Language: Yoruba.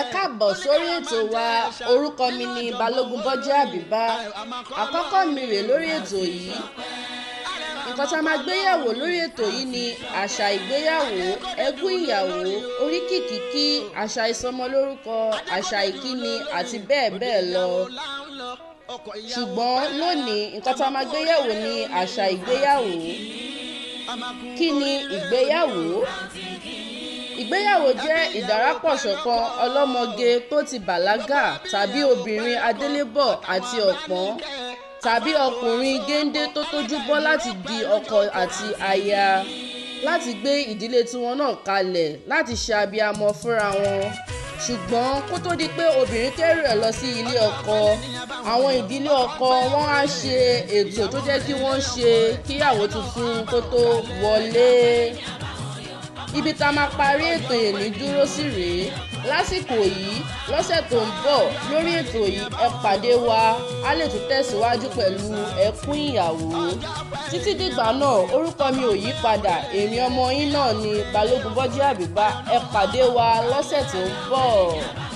ẹ káàbọ̀ sórí ètò wa orúkọ mi ni balógun bọ́jọ́ àbíbá àkọ́kọ́ mi rèé lórí ètò yìí nǹkan tá a máa gbéyàwó lórí ètò yìí ni àṣà ìgbéyàwó ẹkún ìyàwó oríkì kíkí àṣà ìsọmọlórúkọ àṣà ìkíni àti bẹ́ẹ̀ bẹ́ẹ̀ lọ ṣùgbọ́n lónìí nǹkan tá a máa gbéyàwó ni àṣà ìgbéyàwó kí ni ìgbéyàwó ìgbéyàwó jẹ́ ìdàrápọ̀ṣọ̀kan ọlọ́mọge tó ti bàlágà tàbí obìnrin adélébọ̀ àti ọ̀pọ̀n tàbí ọkùnrin géńdé tó tójúbọ́ láti di ọkọ àti aya láti gbé ìdílé tiwọn náà kalẹ̀ láti ṣe abiyamọ fúnra wọn ṣùgbọ́n kó tó di pé obìnrin kẹ́rù ẹ̀ lọ sí ilé ọkọ àwọn ìdílé ọkọ wọn á ṣe ètò tó jẹ́ kí wọ́n ṣe kíyàwó tuntun kó tó wọlé ibi tá a máa parí ètò èní dúró sí rèé lásìkò yìí lọ́sẹ̀ tó ń bọ̀ lórí ètò yìí ẹ pàdé wa a lè tún tẹ̀síwájú pẹ̀lú ẹkún ìyàwó títí dìgbà náà orúkọ mi ò yí padà èmi ọmọ yín náà ni balógun bọ́jí àbíbá ẹ pàdé wa lọ́sẹ̀ tó ń bọ̀.